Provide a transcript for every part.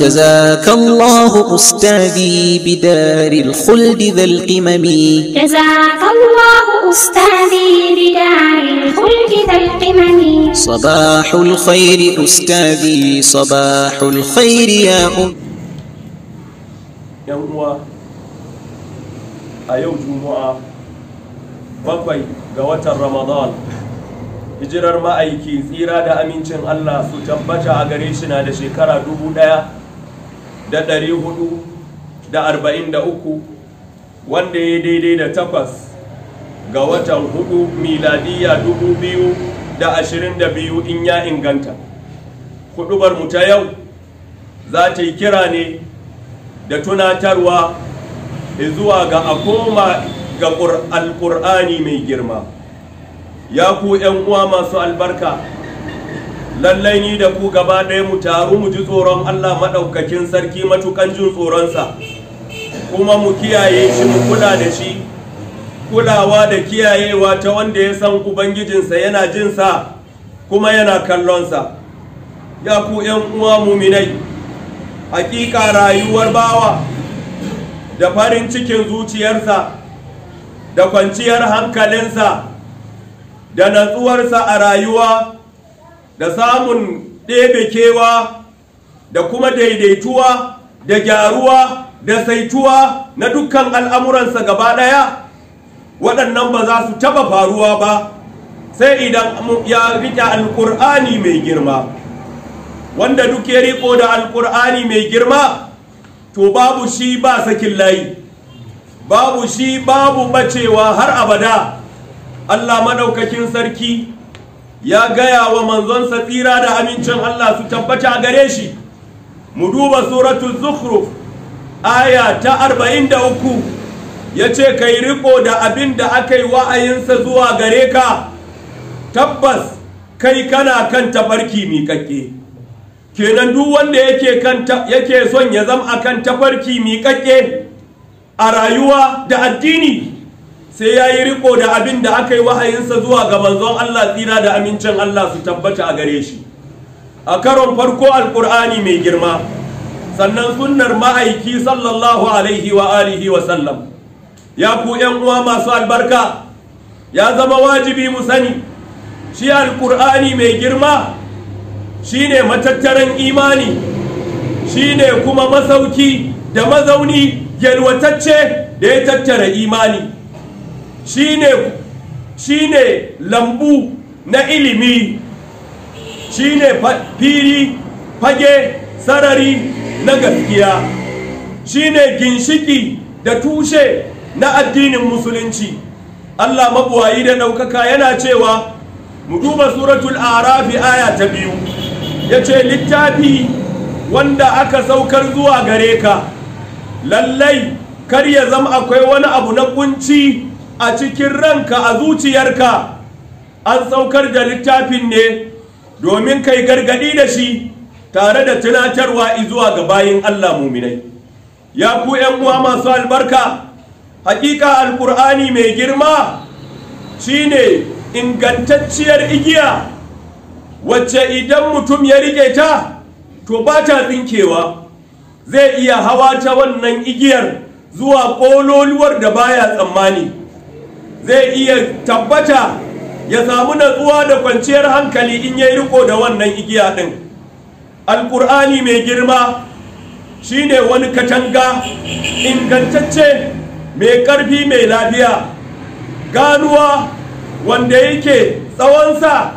جزاك الله أستاذي بدار الخلد ذا القمم جزاك الله أستاذي بدار الخلد ذا القمم صباح الخير أستاذي صباح الخير يا أم يوم أيوم جمعة بقي قوة رمضان hijirar ma'aiki tsira da amincin Allah su tabbata a gare da shekara dubu ɗaya da ɗari hudu da arba'in da uku wanda ya daidai da takwas ga watan hudu miladiya dubu biyu da ashirin da biyu in ya inganta hudubar mu ta yau za ta yi kira ne da tunatarwa zuwa ga a koma ga Alƙur'ani mai girma ya ku 'yan uwa masu albarka lallai ni da ku gaba ɗaya mu taru mu ji tsoron Allah maɗaukakin sarki matukan jin tsoronsa kuma mu kiyaye shi mu kula da shi kulawa da kiyayewa ta wanda ya san ubangijinsa yana jin sa kuma yana kallon sa. ya ku ƴan uwa muminai hakika rayuwar bawa da farin cikin zuciyarsa da kwanciyar hankalinsa da natsuwarsa a rayuwa da samun ɗebekewa da kuma daidaituwa da gyaruwa da saituwa na dukkan al'amuransa gaba ɗaya waɗannan ba za su taba faruwa ba sai idan ya riƙe alƙur'ani mai girma wanda duk ya riƙo da alƙur'ani mai girma to babu shi ba sakin layi babu shi babu bacewa har abada allah maɗaukakin sarki ya gaya wa manzonsa tsira da amincin Allah su tabbata a gare shi mu duba suratul zukhruf aya ta 43 yace kai riko da abin da akai wa'ayinsa zuwa gare ka tabbas kai kana kan tafarki miƙaƙƙe kenan duk wanda yake kan yake son ya zama akan tafarki miƙaƙƙe a rayuwa da addini sai ya yi riko da abin da aka yi wahayinsa zuwa ga manzon Allah tsira da amincin Allah su tabbata a gare shi a karon farko alkur'ani mai girma sannan sunnar ma'aiki sallallahu alaihi wa alihi wa sallam ya ku yan uwa masu albarka ya zama wajibi mu sani shi alkur'ani mai girma shine matattaran imani shine kuma masauki da mazauni yalwatacce da ya tattara imani shi ne lambu na ilimi shi ne fili fage sarari na gaskiya shine ne ginshiki da tushe na addinin musulunci allah mabuwayi da ɗaukaka yana cewa mu duba suratul arafi aya ta biyu ya ce littafi wanda aka saukar zuwa gare ka lallai kar ya zama akwai wani abu na kunci a cikin ranka a zuciyarka an saukar da littafin ne domin kai gargadi da shi tare da tunatarwa izuwa ga bayin Allah muminai ya ku ‘yan uwa masu albarka hakika Alƙur'ani mai girma shine ingantacciyar igiya wacce idan mutum ya riƙe ta to ba ta tsinkewa zai iya hawa ta wannan igiyar zuwa ƙololuwar da baya tsammani zai iya tabbata ya samu natsuwa da kwanciyar hankali in ya riko da wannan igiya ɗin alƙur'ani mai girma shine wani katanga ingantacce mai ƙarfi mai lafiya ganuwa wanda yake tsawonsa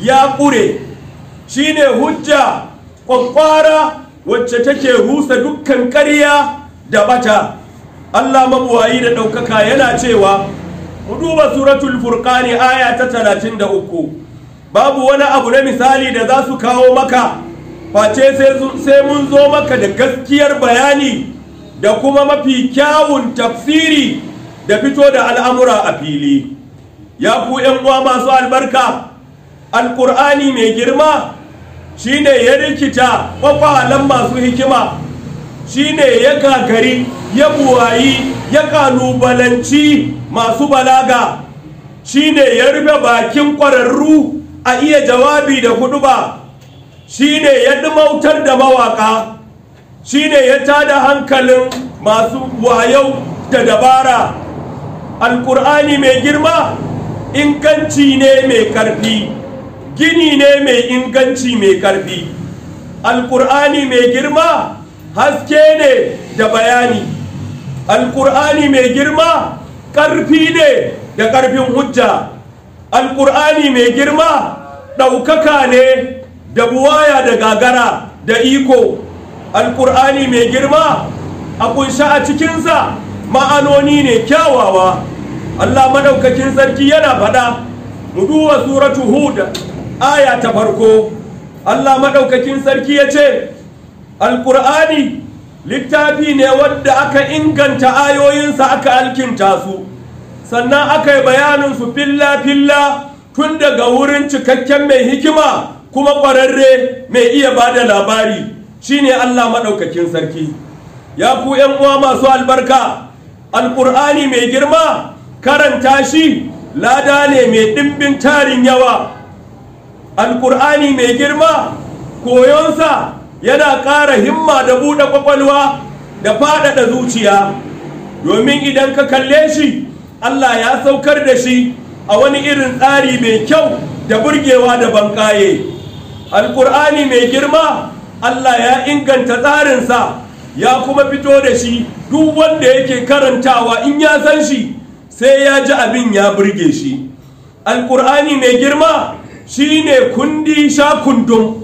ya ƙure shine hujja ƙwaƙwara wacce take rusa dukkan ƙarya da bata allah mabuwayi da ɗaukaka yana cewa Mu duba suratul furqani aya ta talatin da uku babu wani abu na misali da za su kawo maka face sai mun zo maka da gaskiyar bayani da kuma mafi kyawun tafsiri da fito da al'amura a fili ya ku uwa masu albarka alƙur'ani mai girma shine ya rikita ƙwaƙwalan masu hikima shine ya gagari ya buwayi ya kalubalanci masu balaga shine ya rufe bakin kwararru a iya jawabi da Shi shine ya dumautar da mawaka shine ya tada hankalin masu wayau da dabara alkur'ani mai girma inganci ne mai karfi gini ne mai inganci mai karfi alkur'ani mai girma haske ne da bayani alkur'ani mai girma ƙarfi ne da ƙarfin hujja alkur'ani mai girma ɗaukaka ne da buwaya da gagara da iko alkur'ani mai girma a kunshi a cikinsa ma'anoni ne kyawawa allah maɗaukakin sarki yana faɗa mu duba suratu hud aya ta farko allah maɗaukakin sarki ya ce alkur'ani littafi ne wadda aka inganta ayoyinsa aka alkinta su sannan aka yi bayanin su filla-filla tun daga wurin cikakken mai hikima kuma ƙwararre mai iya ba da labari shine allah maɗaukakin sarki ya ku uwa masu albarka alkur'ani mai girma karanta shi lada ne mai ɗimbin tarin yawa alkur'ani mai girma koyonsa yana ƙara himma da buɗe ƙwaƙwalwa da faɗaɗa zuciya domin idan ka kalle shi allah ya saukar da shi a wani irin tsari mai kyau da burgewa da banƙaye alƙur'ani mai girma allah ya inganta tsarinsa ya kuma fito da shi duk wanda yake karantawa in ya san shi sai ya ji abin ya burge shi alƙur'ani mai girma shi ne kundi sha kundum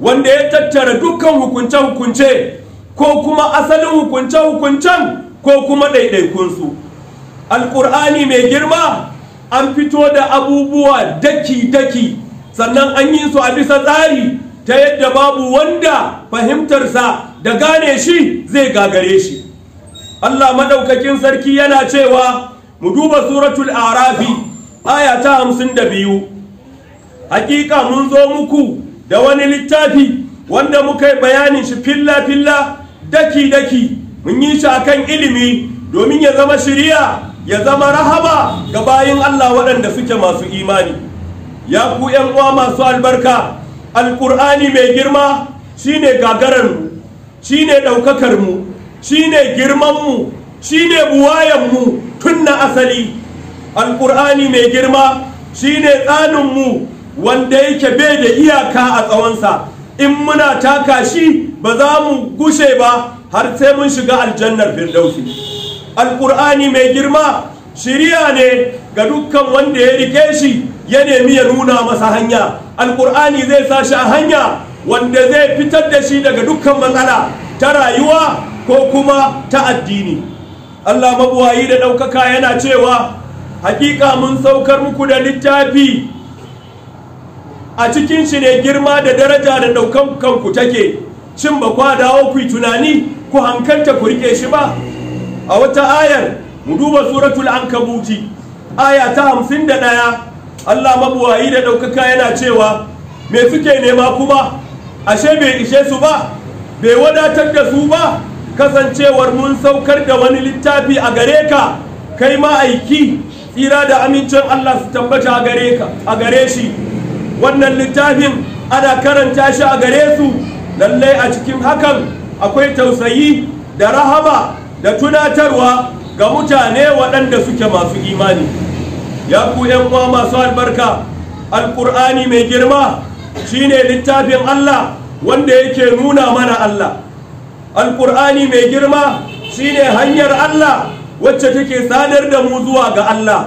wanda ya tattara dukkan hukunce-hukunce ko kuma asalin hukunce-hukuncen ko kuma ɗaiɗaikunsu alƙur'ani mai girma an fito da abubuwa daki-daki sannan an yi su a bisa tsari ta yadda babu wanda fahimtarsa da gane shi zai gagare shi allah maɗaukakin sarki yana cewa mu duba suratul arafi aya ta hamsin da biyu hakika mun zo muku da wani littafi wanda muka yi bayanin shi filla-filla daki-daki mun yi shi akan ilimi domin ya zama shiriya ya zama rahama ga bayin Allah waɗanda suke masu imani ya ku uwa masu albarka alƙur'ani mai girma shine gagararmu shine ɗaukakarmu shine girmanmu shine buwayenmu tun na asali alƙur'ani mai girma shine tsaninmu wanda yake bai da iyaka a tsawonsa in muna taka shi ba za mu gushe ba har sai mun shiga aljannar firdausi alkur'ani mai girma shiriya ne ga dukkan wanda ya rike shi ya nemi ya nuna masa hanya alƙur'ani zai sa shi a hanya wanda zai fitar da shi daga dukkan matsala ta rayuwa ko kuma ta addini allah mabuwayi da ɗaukaka yana cewa hakika mun saukar muku da littafi a cikin shi ne girma da daraja da daukan kanku take cin ba kwa dawo ku tunani ku hankalta ku rike shi ba a wata ayar mu duba suratul ankabuti aya ta hamsin da ɗaya allah mabuwayi da ɗaukaka yana cewa me suke nema kuma ashe bai ishe su ba bai wadatar da su ba kasancewar mun saukar da wani littafi a gare ka kai ma aiki tsira da amincin allah su tabbata a gare shi wannan littafin ana karanta shi a gare su lallai a cikin hakan akwai tausayi da rahama da tunatarwa ga mutane waɗanda suke masu imani ya ku uwa masu albarka alƙur'ani mai girma shine littafin allah wanda yake nuna mana allah alƙur'ani mai girma shine hanyar allah wacce take sadar da mu zuwa ga allah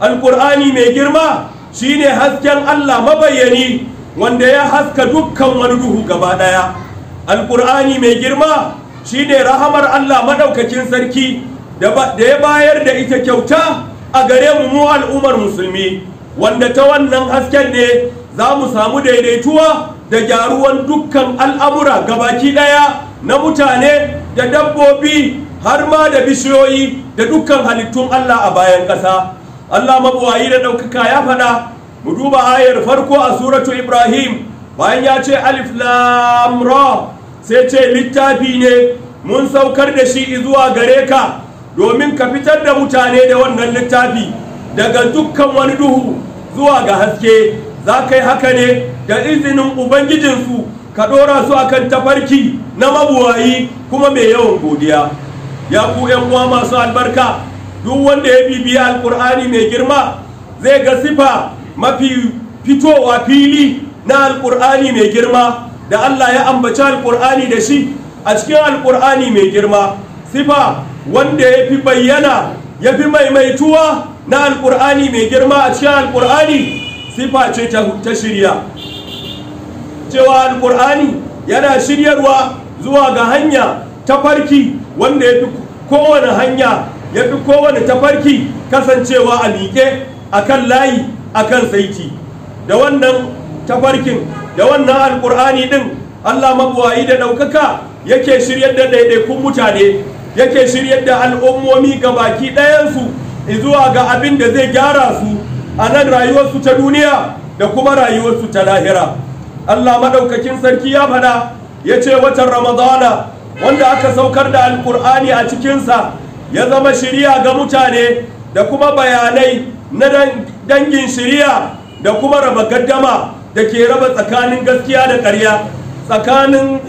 alƙur'ani mai girma shine hasken Allah mabayyani wanda ya haska dukkan wani duhu gaba ɗaya. Alƙur'ani mai girma shine rahamar Allah madaukakin sarki da ya bayar da ita kyauta a gare mu mu al'ummar musulmi wanda ta wannan hasken ne za mu samu daidaituwa da gyaruwan dukkan al'amura baki ɗaya na mutane da dabbobi har ma da bishiyoyi da dukkan halittun Allah a bayan ƙasa Allah mabuwayi da ɗaukaka ya faɗa mu duba ayar farko a suratu Ibrahim bayan ya ce alif lam ra sai ce littafi ne mun saukar da shi zuwa gare ka domin ka fitar da mutane da wannan littafi daga dukkan wani duhu zuwa ga haske za ka yi haka ne da izinin ubangijinsu ka ɗora su a kan tafarki na mabuwayi kuma mai yawan godiya ya ku 'yan uwa masu albarka duk wanda ya bibiya alkur'ani mai girma zai ga sifa mafi fitowa fili na alkur'ani mai girma da allah ya ambaci alkur'ani da shi a cikin alkur'ani mai girma sifa wanda ya fi bayyana ya fi maimaituwa na alkur'ani mai girma a cikin alkur'ani sifa ce ta shirya cewa alkur'ani yana shiryarwa zuwa ga hanya ta farki wanda ya fi kowane hanya ya fi kowane tafarki kasancewa a miƙe a kan layi a kan saiti da wannan tafarkin da wannan alƙur'ani ɗin allah mabuwayi da ɗaukaka yake shiryar da ɗaiɗaikun mutane yake shiryar da al'ummomi ga baki ɗayansu zuwa ga abin da zai gyara su a nan rayuwarsu ta duniya da kuma rayuwarsu ta lahira allah maɗaukakin sarki ya faɗa ya ce watan ramadana wanda aka saukar da alƙur'ani a cikinsa ya zama shirya ga mutane da kuma bayanai na dangin shiriya da kuma raba gaddama da ke raba tsakanin gaskiya da ƙarya tsakanin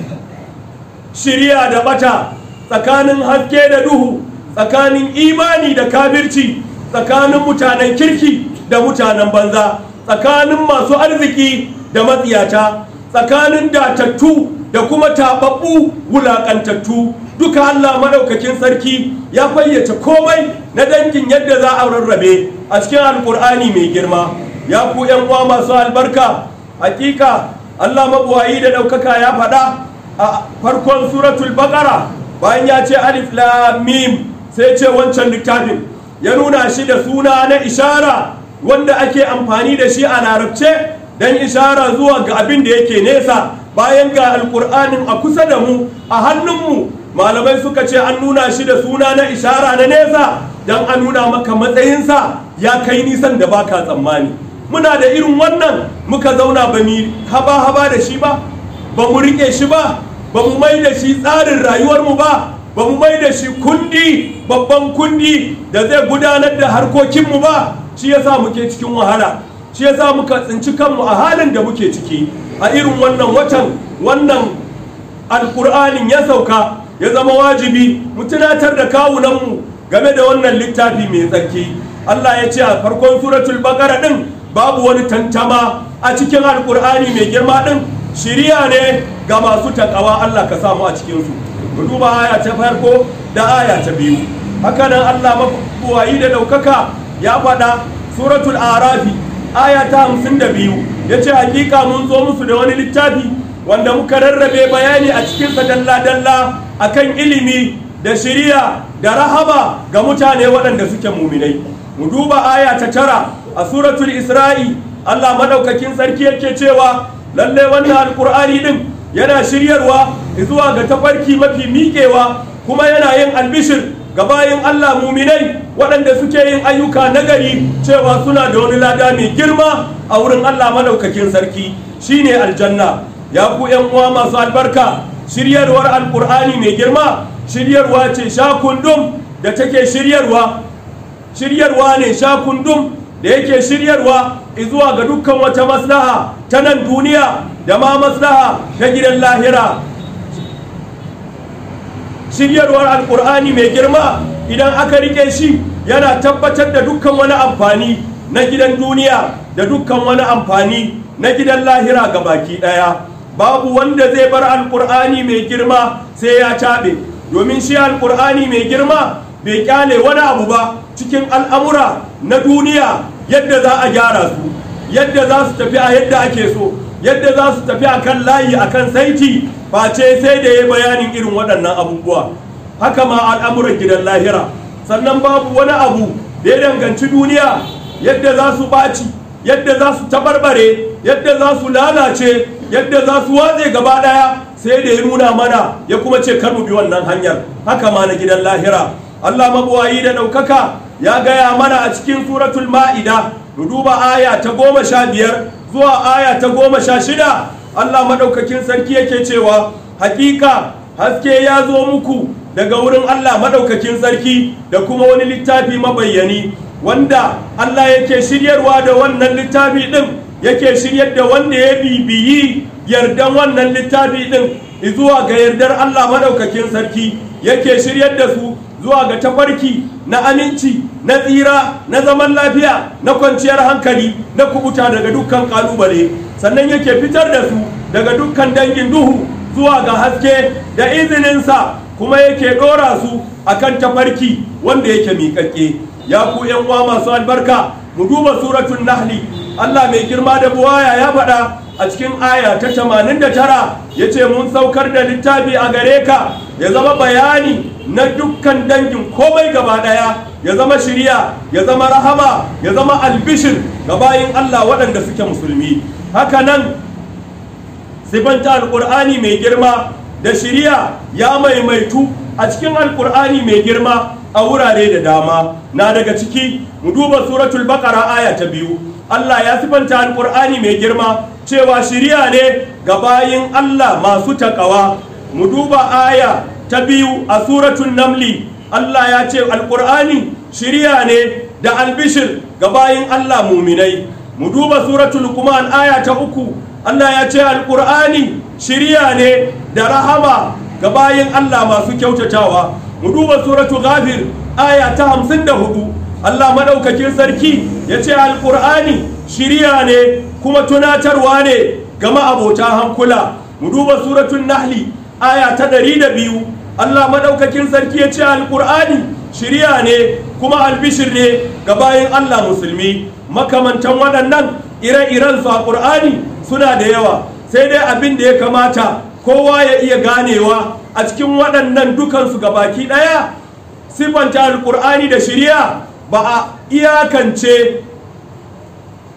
shirya da bata tsakanin haske da duhu tsakanin imani da kabirci tsakanin mutanen kirki da mutanen banza tsakanin masu arziki da matsiyata tsakanin datattu da kuma taɓaɓɓu wulaƙantattu duka Allah madaukakin sarki ya fayyace komai na dangin yadda za a rarrabe a cikin alkur'ani mai girma ya ku yan uwa masu albarka hakika Allah mabuwayi da daukaka ya faɗa a farkon suratul baqara bayan ya ce alif lam mim sai ce wancan littafin ya nuna shi da suna na ishara wanda ake amfani da shi a larabce don ishara zuwa ga abin da yake nesa bayan ga alkur'anin a kusa da mu a hannunmu malamai suka ce an nuna shi da suna na ishara na nesa don an nuna maka matsayinsa ya kai nisan da baka tsammani muna da irin wannan muka zauna ba mu haba-haba da shi ba ba mu riƙe shi ba ba mu mai da shi tsarin rayuwarmu ba ba mu mai da shi kundi babban kundi da zai gudanar da harkokinmu ba shi yasa muke cikin wahala shi yasa muka tsinci kanmu a halin da muke ciki a irin wannan watan wannan alƙur'anin ya sauka ya zama wajibi mu tunatar da kawunanmu game da wannan littafi mai tsarki Allah ya ce a farkon suratul bakara din babu wani tantama a cikin alkur'ani mai girma din shiriya ne ga masu takawa Allah ka samu a cikinsu mu duba aya ta farko da aya ta biyu haka nan Allah mafi da daukaka ya faɗa suratul arafi aya ta hamsin da biyu ya ce hakika mun zo musu da wani littafi wanda muka rarrabe bayani a cikinsa dalla-dalla akan ilimi da shiriya da rahaba ga mutane waɗanda suke muminai mu duba aya ta tara a suratul isra'i allah maɗaukakin sarki yake cewa lallai wannan alƙur'ani ɗin yana shiryarwa zuwa ga tafarki mafi miƙewa kuma yana yin albishir ga bayan allah muminai waɗanda suke yin ayyuka nagari cewa suna da wani lada mai girma a wurin allah maɗaukakin sarki shine aljanna ya ku 'yan uwa masu albarka shiryarwar alkur'ani mai girma shiryarwa ce shakundum da take shiryarwa shiryarwa ne shakundum da yake shiryarwa zuwa ga dukkan wata maslaha ta nan duniya da ma maslaha ta gidan lahira shiryarwar alkur'ani mai girma idan aka rike shi yana tabbatar da dukkan wani amfani na gidan duniya da dukkan wani amfani na gidan lahira ga baki ɗaya. babu wanda zai bar alkur'ani mai girma sai ya caɓe domin shi alkur'ani mai girma bai kyale wani abu ba cikin al'amura na duniya yadda za a gyara su yadda za su tafi a yadda ake so yadda za su tafi a kan layi a kan saiti face sai da ya bayanin irin waɗannan abubuwa haka ma al'amuran gidan lahira sannan babu wani abu da ya danganci duniya yadda za su ɓaci yadda za su tabarbare yadda za su lalace yadda za su waje gaba daya sai da ya nuna mana ya kuma ce kar mu bi wannan hanyar haka ma na gidan lahira Allah mabuwayi da daukaka ya gaya mana a cikin suratul ma'ida mu duba aya ta goma sha biyar zuwa aya ta goma sha shida Allah madaukakin sarki yake cewa hakika haske ya zo muku daga wurin Allah madaukakin sarki da kuma wani littafi mabayyani wanda Allah yake shiryarwa da wannan littafi din yake shiryar da wanda ya bibiyi yardan wannan littafi din zuwa ga yardar Allah madaukakin sarki yake shiryar da su zuwa ga tafarki na aminci na tsira na zaman lafiya na kwanciyar hankali na kubuta daga dukkan kalubale sannan yake fitar da su daga dukkan dangin duhu zuwa ga haske da izininsa kuma yake dora su akan tafarki wanda yake miƙaƙe ya ku yan uwa masu albarka mu duba suratul nahli Allah mai girma da buwaya ya faɗa a cikin aya ta tamanin da tara ya ce mun saukar da littafi a gare ka ya zama bayani na dukkan dangin komai gaba ɗaya ya zama shirya ya zama rahama ya zama albishir ga bayin Allah waɗanda suke musulmi haka nan sifanta alƙur'ani mai girma da shirya ya maimaitu a cikin alƙur'ani mai girma a wurare da dama na daga ciki mu duba suratul baqara aya ta biyu Allah ya sifanta Alƙur'ani mai girma cewa shiriya ne ga bayin Allah masu takawa mu duba aya ta biyu a suratun namli Allah ya ce Alƙur'ani shiriya ne da albishir ga bayin Allah muminai mu duba suratul kuman aya ta uku Allah ya ce Alƙur'ani shiriya ne da rahama ga bayin Allah masu kyautatawa mu duba suratul ghafir aya ta hamsin da hudu Allah maɗaukakin sarki ya ce Alƙur'ani shiriya ne kuma tunatarwa ne gama abota hankula mu duba suratun nahli aya ta ɗari da biyu. Allah maɗaukakin sarki ya ce alkur'ani shiriya ne kuma albishir ne ga bayan Allah musulmi makamantan waɗannan ire-iren su a ƙur'ani suna da yawa sai dai abin da ya kamata kowa ya iya ganewa a cikin waɗannan dukansu ga baki ɗaya sifanta Alƙur'ani da shiriya ba a iyakance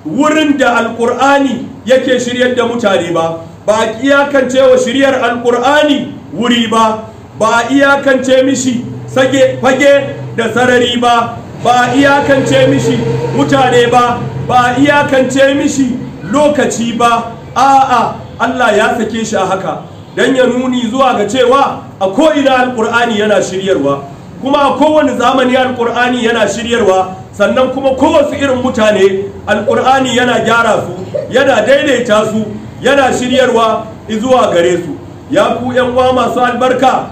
wurin da alkur'ani yake shiryar da mutane ba ba a iyakance wa shiryar alkur'ani wuri ba ba a iyakance mishi fage da sarari ba ba a iyakance mishi mutane ba ba a iyakance mishi lokaci ba a'a Allah ya sake shi a haka don ya nuni zuwa ga cewa a ko'ina Alƙur'ani yana shiryarwa kuma a kowane zamani alkur'ani yana shiryarwa sannan kuma kowace irin mutane alƙur'ani yana gyara su yana daidaita su yana shiryarwa zuwa gare su ya ku yan uwa masu albarka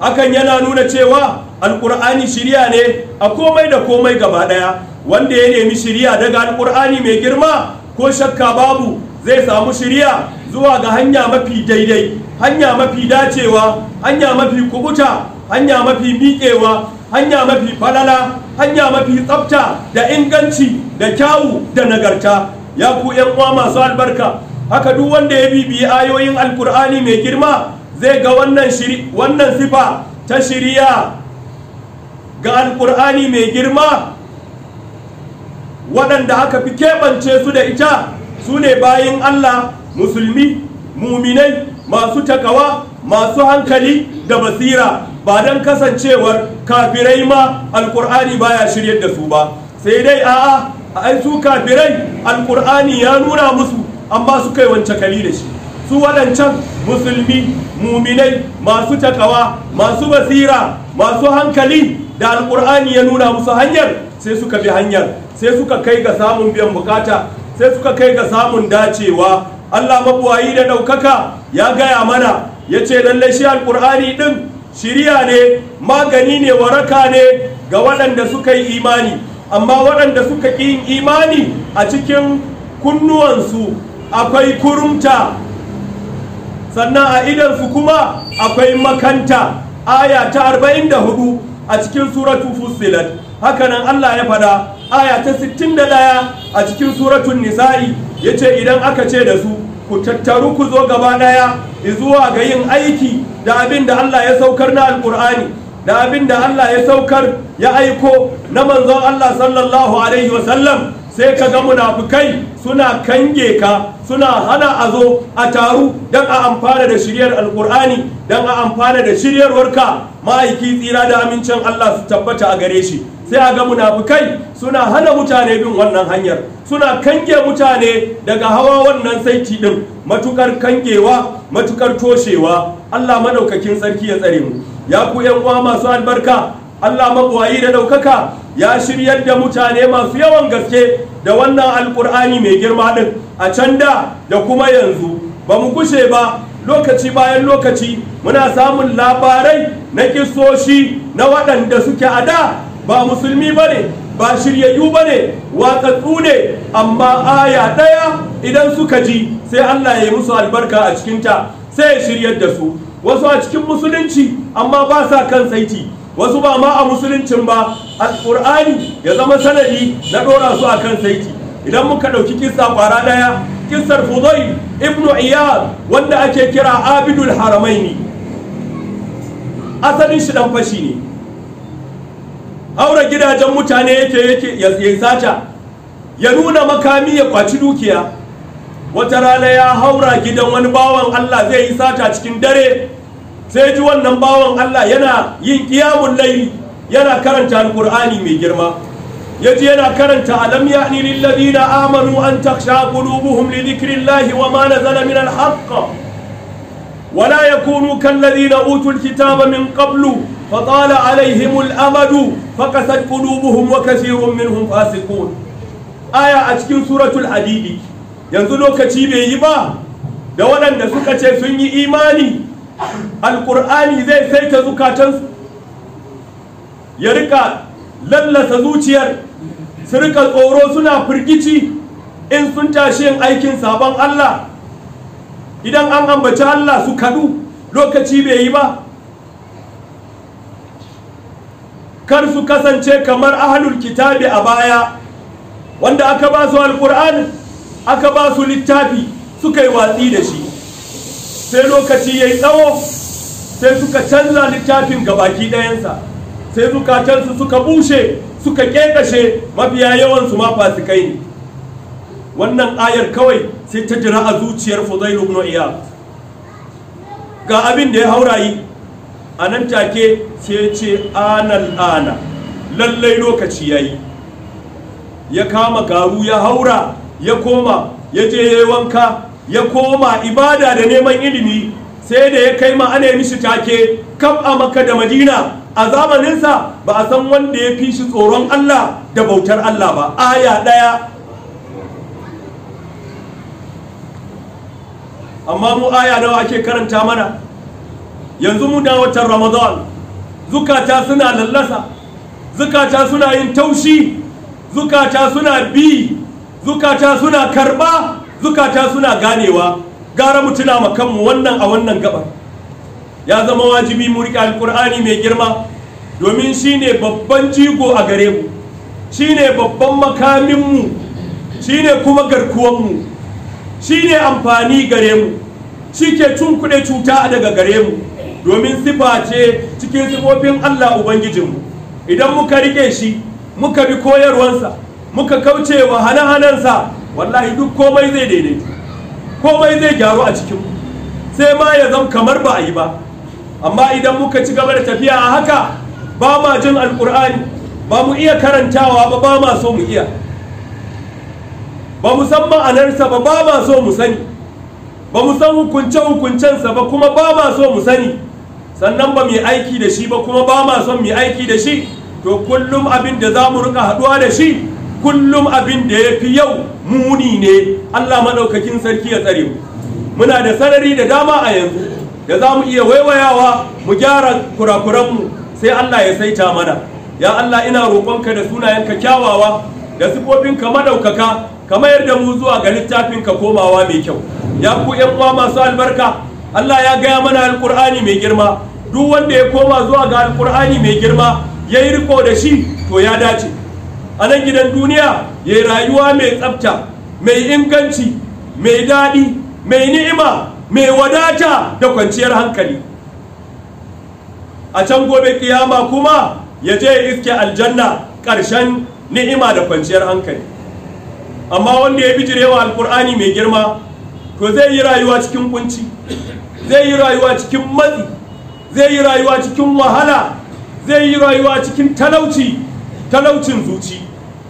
hakan yana nuna cewa alƙur'ani shirya ne a komai da komai gaba ɗaya. wanda ya nemi shirya daga alkur'ani mai girma ko shakka babu zai samu shirya zuwa ga hanya mafi daidai hanya mafi dacewa hanya mafi kubuta hanya mafi miƙewa hanya mafi falala hanya mafi tsafta da inganci da kyawu da nagarta ya ku yan uwa masu albarka haka duk wanda ya bibiyi ayoyin alkur'ani mai girma zai ga wannan wannan sifa ta shirya ga alkur'ani mai girma waɗanda aka fi keɓance su da ita su ne bayin allah musulmi muminai masu takawa masu hankali da basira ba don kasancewar kafirai ma alkur'ani baya shiryar da su ba sai dai a'a ai su kafirai alkur'ani ya nuna musu an ba su kai wance kali da shi su waɗancan musulmi muminai masu takawa masu basira masu hankali da alkur'ani ya nuna musu hanyar sai suka bi hanyar sai suka kai ga samun biyan bukata sai suka kai ga samun dacewa allah mabuwayi da ɗaukaka ya gaya mana ya ce lallai shi alkur'ani ɗin shiriya ne magani ne waraka ne ga waɗanda suka yi imani amma waɗanda suka ƙi imani a cikin kunnuwansu akwai kurumta sannan a idansu kuma akwai makanta aya ta hudu a cikin suratu fusilat hakanan Allah ya fada aya ta 61 a cikin suratun nisa'i ya ce idan aka ce da su ku tattaru ku zo gaba daya zuwa ga yin aiki da abin da Allah ya saukar na alkur'ani da abin da Allah ya saukar ya aiko na manzon Allah sallallahu alaihi wasallam sai ka ga munafukai suna kange ka suna hana a zo a taru don a amfana da shiryar alkur'ani don a amfana da shiryarwarka ma'aiki tsira da amincin Allah su tabbata a gare shi sai a ga munafukai suna hana mutane bin wannan hanyar suna kange mutane daga hawa wannan saiti din matukar kangewa matukar toshewa Allah madaukakin sarki ya tsare mu ya ku yan uwa masu albarka Allah mabuwayi da daukaka ya shiryar da mutane masu yawan gaske da wannan alkur'ani mai girma din a can da da kuma yanzu ba mu gushe ba lokaci bayan lokaci muna samun labarai na kisoshi na waɗanda suke a da ba musulmi ba ne ba shiryayyu ba ne ne amma aya ɗaya idan suka ji sai allah ya yi musu albarka a cikinta sai ya shiryar da su wasu a cikin musulunci amma ba sa kan saiti wasu ba ma a musuluncin ba alƙur'ani ya zama sanadi na ɗora su a kan saiti idan muka ɗauki kisa ƙwara ɗaya kisar Fuzai, ibnu iyad wanda ake kira abidul haramaini asalin shi dan fashi ne haura gidajen mutane yake yake ya sata ya nuna makami ya kwaci dukiya wata rana ya haura gidan wani bawan Allah zai yi sata cikin dare sai ji wannan bawan Allah yana yin kiyamun layi yana karanta alkur'ani mai girma ya ji yana karanta alam ya'ni lilladina amanu an taksha qulubuhum li dhikrillahi wa ma nazala min Wala ولا يكونوا كالذين اوتوا kitaba min قبل فطال عليهم الأمد فقست قلوبهم وكثير منهم فاسقون آية أتكين سورة الحديد ينزلوا كتيبه ba? da waɗanda suka ce sun yi imani alƙur'ani zai saita zukatansu ya rika lallasa zuciyar su rika tsoro suna firgici in sun tashi yin aikin sabon Allah idan an ambaci Allah su kadu lokaci bai yi ba kar su kasance kamar ahlul kitabi a baya wanda aka ba su alkur'ani aka ba su littafi suka yi watsi da shi sai lokaci ya yi tsawo sai suka canza littafin ga baki ɗayansa sai zukatansu suka bushe suka ƙeƙashe mafiya yawansu ma fasikai ne wannan ayar kawai sai ta jira a zuciyar fuzail ibn iyad ga abin da ya haurayi a nan take sai ce anan ana lallai lokaci ya yi ya kama garu ya haura ya koma ya je ya wanka ya koma ibada da neman ilimi sai da ya kai ma ana mishi take kaf a maka da madina a zamaninsa ba a san wanda ya fi shi tsoron allah da bautar allah ba aya ɗaya amma mu aya nawa ake karanta mana yanzu mu da watan ramadan zukata suna lallasa zukata suna yin taushi zukata suna bi zukata suna karba zukata suna ganewa gara mu tuna kanmu wannan a wannan gabar ya zama wajibi mu riƙe alƙur'ani mai girma domin shine babban jigo a gare mu shine babban makaminmu shine kuma garkuwanmu shine amfani gare mu shi ke cin kuɗe cuta daga gare mu domin sifa ce cikin sifofin Allah ubangijinmu idan muka rike shi muka bi koyarwansa muka kauce wa hana-hanansa, wallahi duk komai zai daidaita komai zai gyaru a cikin sai ma ya zama kamar ba a yi ba amma idan muka ci gaba da tafiya a haka ba ma jin alkur'ani ba mu iya karantawa ba ba ma so mu iya ba mu san ma'anarsa ba ba ma so mu sani ba mu san hukunce-hukuncensa ba kuma ba ma so mu sani sannan ba mu aiki da shi ba kuma ba ma son mu aiki da shi to kullum abin da za mu rika haɗuwa da shi kullum abin da ya fi yau muni ne Allah maɗaukakin sarki ya tsare mu muna da sarari da dama a yanzu da za mu iya waiwayawa mu gyara kurakuranmu sai Allah ya saita mana ya Allah ina roƙonka da sunayen ka kyawawa da ka maɗaukaka ka mayar da mu zuwa ga littafinka komawa mai kyau ya ku yan uwa masu albarka Allah ya gaya mana alƙur'ani mai girma duk wanda ya koma zuwa ga alkur'ani mai girma ya yi riko da shi to ya dace a nan gidan duniya ya yi rayuwa mai tsafta mai inganci mai daɗi mai ni'ima mai wadata da kwanciyar hankali a can gobe kiyama kuma ya je ya iske aljanna ƙarshen ni'ima da kwanciyar hankali amma wanda ya bijirewa alkur'ani mai girma to zai yi rayuwa cikin kunci zai yi rayuwa cikin matsi zai yi rayuwa cikin wahala zai yi rayuwa cikin talauci talaucin zuci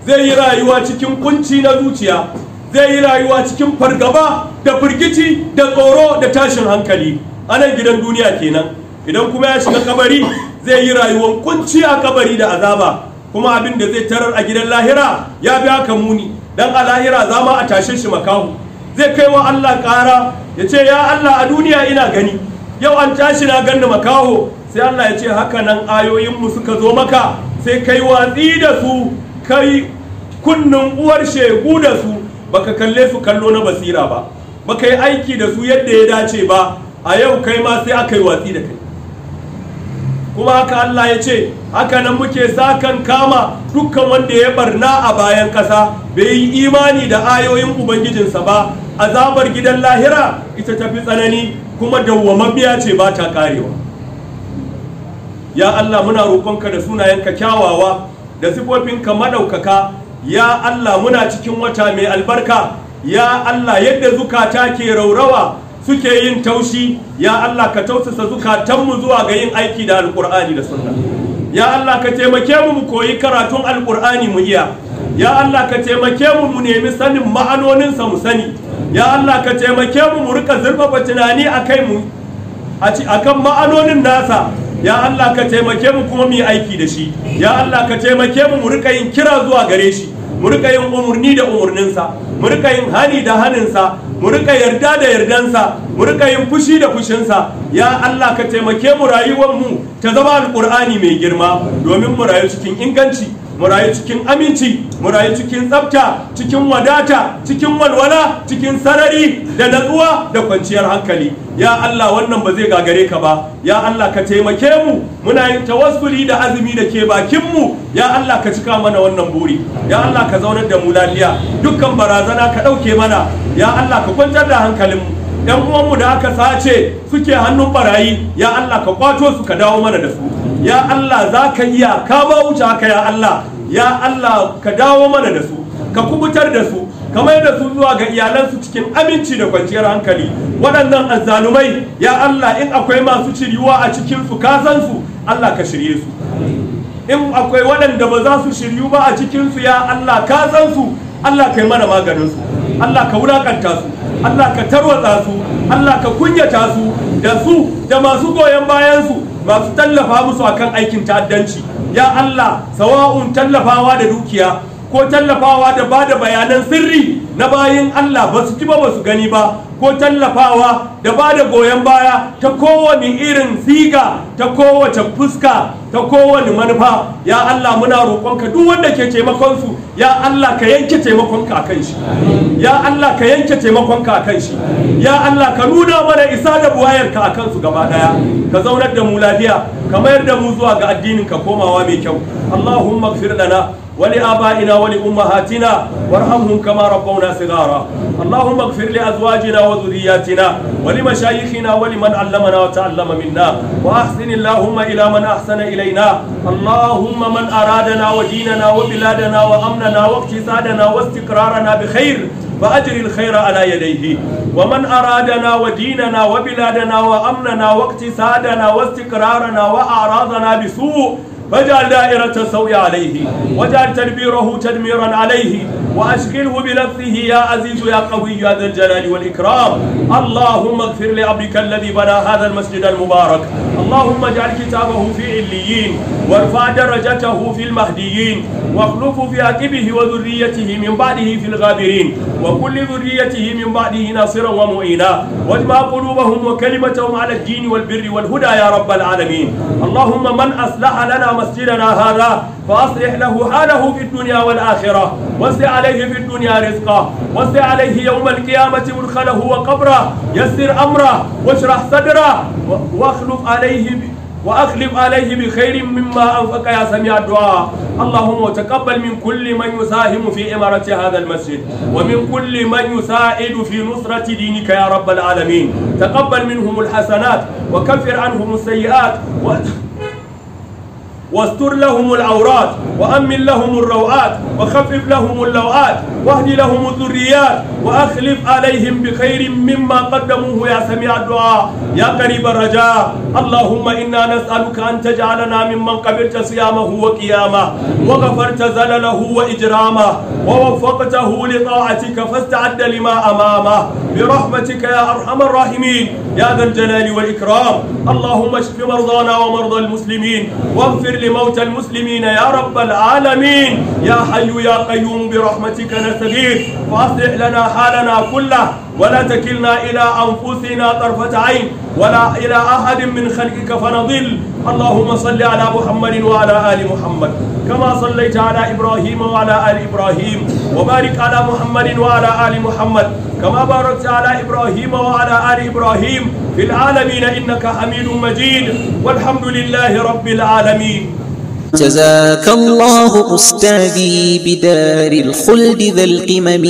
zai yi rayuwa cikin kunci na zuciya zai yi rayuwa cikin fargaba da firgici da tsoro da tashin hankali a nan gidan duniya kenan idan kuma ya shiga kabari zai yi rayuwar kunci a kabari da azaba kuma abin da zai tarar a gidan lahira ya bi haka muni dan a lahira za ma a tashe shi makahu zai kai wa Allah ƙara ya ce ya Allah a duniya ina gani yau an tashi na ganni makaho sai Allah ya ce haka nan ayoyinmu suka zo maka sai kai watsi da su kai kunnin uwar shegu da su baka kalle su kallo na basira ba baka yi aiki da su yadda ya dace ba a yau kai ma sai aka yi watsi da kai kuma haka Allah ya ce haka nan muke sakan kama dukkan wanda ya barna a bayan kasa bai yi imani da ayoyin ubangijinsa ba azabar gidan lahira ita tafi tsanani kuma mabiya ce ba ta karewa ya Allah muna roƙonka da sunayenka kyawawa da sifofinka maɗaukaka. ya Allah muna cikin wata mai albarka ya Allah yadda zukata ke raurawa suke yin taushi ya Allah ka tausasa zukatanmu zuwa ga yin aiki da alƙur'ani da sunna ya Allah ka taimake mu mu koyi karatun alƙur'ani mu iya ya Allah ka taimake mu mu nemi sanin ma'anoninsa mu sani ya Allah ka taimake mu mu rika zurfafa tunani a kai mu a kan ma'anonin nasa ya Allah ka taimake mu kuma mu yi aiki da shi ya Allah ka taimake mu mu rika yin kira zuwa gare shi mu rika yin umarni da umarninsa mu rika yin hani da haninsa mu rika yarda da yardansa mu rika yin fushi da fushinsa ya Allah ka taimake mu rayuwar mu ta zama alƙur'ani mai girma domin mu rayu cikin inganci mu rayu cikin aminci mu rayu cikin tsafta cikin wadata cikin walwala cikin sarari da natsuwa da kwanciyar hankali ya Allah wannan ba zai gagare ka ba ya Allah ka taimake mu muna yin tawassuli da azumi da ke bakin mu ya Allah ka cika mana wannan buri ya Allah ka zaunar da mu lafiya dukkan barazana ka ɗauke mana ya Allah ka kwantar da hankalin mu yan uwanmu da aka sace suke hannun barayi ya Allah ka kwato su ka dawo mana da su ya Allah za ka iya ka ba wuce haka ya Allah ya Allah ka dawo mana da su ka kubutar da su ka mai da su zuwa ga iyalansu cikin aminci da kwanciyar hankali waɗannan azzalumai ya Allah in akwai masu shiriwa a cikin su ka san su Allah ka shirye su in akwai waɗanda ba za su shiryu ba a cikin ya Allah ka san su Allah kai mana maganin su Allah ka wulakanta su Allah ka tarwatsa su Allah ka kunyata su da su da masu goyon bayan su Ba su tallafa musu akan aikin ta'addanci ya Allah sawa'un tallafawa da dukiya ko tallafawa da ba da bayanan sirri na bayin Allah ba su ci ba ba su gani ba ko tallafawa da ba da goyon baya ta kowane irin siga ta kowace fuska ta kowane manufa ya Allah muna roƙonka duk wanda ke taimakon su ya Allah ka yanke taimakon ka kan shi ya Allah ka yanke taimakonka a kan shi ya Allah ka nuna mana isa da ka kan su gaba daya ka zaunar da mu lafiya ka mayar da mu zuwa ga addinin ka komawa mai kyau Allahumma gfir lana ولآبائنا ولأمهاتنا وارحمهم كما ربونا صغارا اللهم اغفر لأزواجنا وذرياتنا ولمشايخنا ولمن علمنا وتعلم منا وأحسن اللهم إلى من أحسن إلينا اللهم من أرادنا وديننا وبلادنا وأمننا واقتصادنا واستقرارنا بخير فأجر الخير على يديه ومن أرادنا وديننا وبلادنا وأمننا واقتصادنا واستقرارنا وأعراضنا بسوء فاجعل دائرة السوء عليه واجعل تدبيره تدميرا عليه وأشغله بلفه يا عزيز يا قوي يا ذا الجلال والإكرام اللهم اغفر لعبدك الذي بنى هذا المسجد المبارك اللهم اجعل كتابه في عليين وارفع درجته في المهديين واخلف في عقبه وذريته من بعده في الغابرين وكل ذريته من بعده ناصرا ومؤينا واجمع قلوبهم وكلمتهم على الدين والبر والهدى يا رب العالمين اللهم من أصلح لنا مسجدنا هذا فأصلح له حاله في الدنيا والآخرة وسع عليه في الدنيا رزقه وسع عليه يوم القيامة مدخله وقبره يسر أمره واشرح صدره واخلف عليه وأخلف عليه بخير مما أنفق يا سميع الدعاء اللهم وتقبل من كل من يساهم في إمارة هذا المسجد ومن كل من يساعد في نصرة دينك يا رب العالمين تقبل منهم الحسنات وكفر عنهم السيئات وأدخل واستر لهم العورات وأمن لهم الروآت وخفف لهم اللوآت واهد لهم الذريات واخلف عليهم بخير مما قدموه يا سميع الدعاء يا قريب الرجاء اللهم انا نسالك ان تجعلنا ممن قبلت صيامه وقيامه وغفرت زلله واجرامه ووفقته لطاعتك فاستعد لما امامه برحمتك يا ارحم الراحمين يا ذا الجلال والاكرام اللهم اشف مرضانا ومرضى المسلمين واغفر لموتى المسلمين يا رب العالمين يا حي يا قيوم برحمتك على سبيل وأصلح لنا حالنا كله ولا تكلنا إلى أنفسنا طرفة عين ولا إلى أحد من خلقك فنضل اللهم صل على محمد وعلى آل محمد كما صليت على إبراهيم وعلى آل إبراهيم وبارك على محمد وعلى آل محمد كما باركت على إبراهيم وعلى آل إبراهيم في العالمين إنك حميد مجيد والحمد لله رب العالمين جزاك الله أستاذي بدار الخلد ذا القمم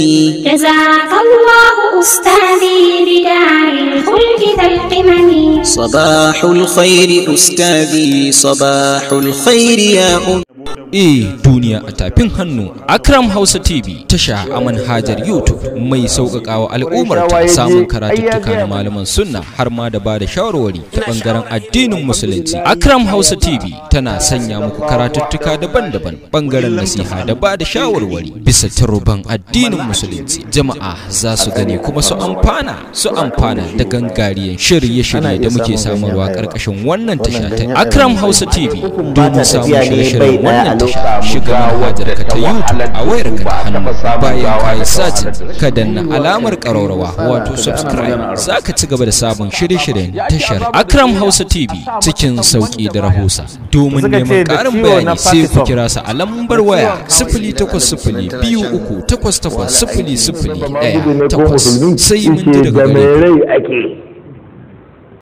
جزاك الله أستاذي بدار الخلد ذا القمم صباح الخير أستاذي صباح الخير يا أمي e duniya a tafin hannu akram hausa tv tasha a manhajar youtube mai sauƙaƙawa al'ummar ta samun karatuttuka na malaman sunna har ma da ba da shawarwari ta ɓangaren addinin musulunci akram hausa tv tana sanya muku karatuttuka daban-daban ɓangaren nasiha da ba da shawarwari bisa turban addinin musulunci jama'a za su gani kuma su amfana su amfana da gangariyan shirye-shirye da muke samarwa ƙarƙashin wannan tasha ta akram hausa tv domin samun shirye-shiryen wannan shiga ka ta YouTube a wayar ka ta hannu bayan ka yi satin ka danna alamar ƙararrawa wato subscribe za ka ci gaba da sabon shirye-shiryen tashar Akram Hausa TV cikin sauƙi da rahusa domin neman ƙarin bayani sai ku kira su a lambar waya sifili takwas sifili biyu uku takwas takwas ɗaya takwas sai mun ji daga gare ku.